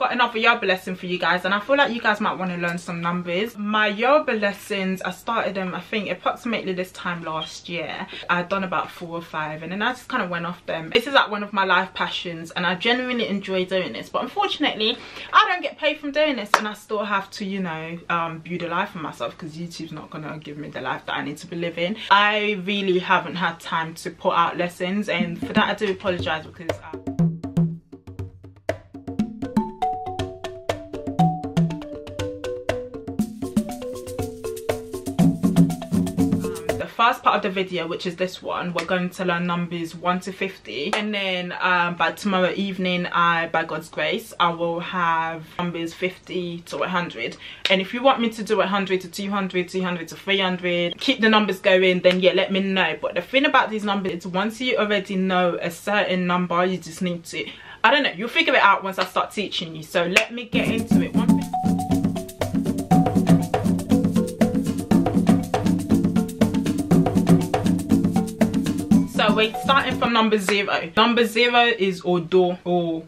got another Yoba lesson for you guys and I feel like you guys might want to learn some numbers. My Yoba lessons, I started them I think approximately this time last year. I'd done about four or five and then I just kind of went off them. This is like one of my life passions and I genuinely enjoy doing this but unfortunately I don't get paid from doing this and I still have to you know um, build a life for myself because YouTube's not going to give me the life that I need to be living. I really haven't had time to put out lessons and for that I do apologise because... Um, first part of the video which is this one we're going to learn numbers 1 to 50 and then um, by tomorrow evening I by God's grace I will have numbers 50 to 100 and if you want me to do 100 to 200 200 to 300 keep the numbers going then yeah let me know but the thing about these numbers is once you already know a certain number you just need to I don't know you'll figure it out once I start teaching you so let me get into it right we're starting from number zero number zero is odo or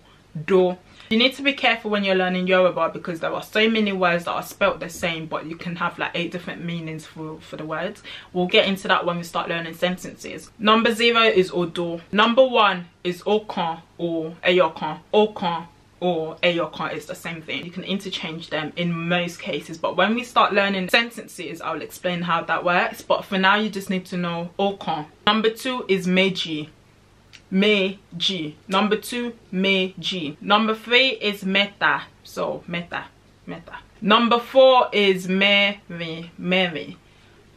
do you need to be careful when you're learning Yoruba because there are so many words that are spelt the same but you can have like eight different meanings for, for the words. We'll get into that when we start learning sentences. Number zero is Odo. Number one is Okan or Eyokan. Okan or Ayokan, it's the same thing. You can interchange them in most cases, but when we start learning sentences, I'll explain how that works. But for now, you just need to know Okan. Number two is Meiji. Meiji. Number two, Meiji. Number three is Meta. So, Meta, Meta. Number four is Mary, Mary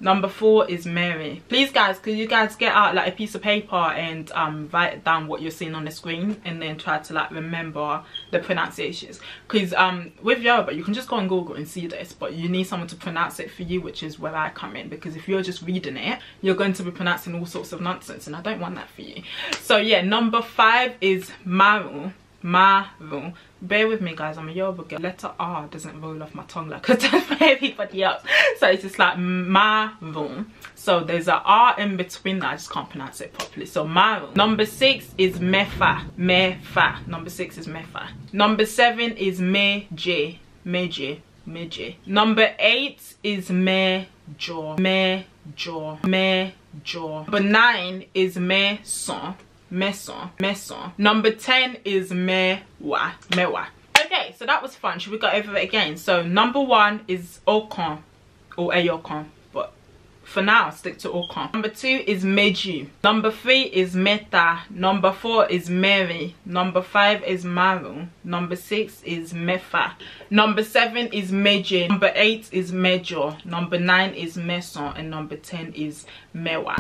number four is mary please guys could you guys get out like a piece of paper and um, write down what you're seeing on the screen and then try to like remember the pronunciations because um with yoruba you can just go on google and see this but you need someone to pronounce it for you which is where i come in because if you're just reading it you're going to be pronouncing all sorts of nonsense and i don't want that for you so yeah number five is maru marvel bear with me guys i'm a yoruba girl letter r doesn't roll off my tongue like it does everybody else so it's just like marvel so there's a r in between that i just can't pronounce it properly so marvel number six is mefa mefa number six is mefa number seven is meje meje meje number eight is mejo mejo mejo number nine is meson maison maison number 10 is mewa mewa okay so that was fun should we go over it again so number one is okan or Ayokon. but for now stick to okan number two is meju number three is meta number four is mary number five is maru number six is mefa number seven is Meji. number eight is mejo number nine is meson and number ten is mewa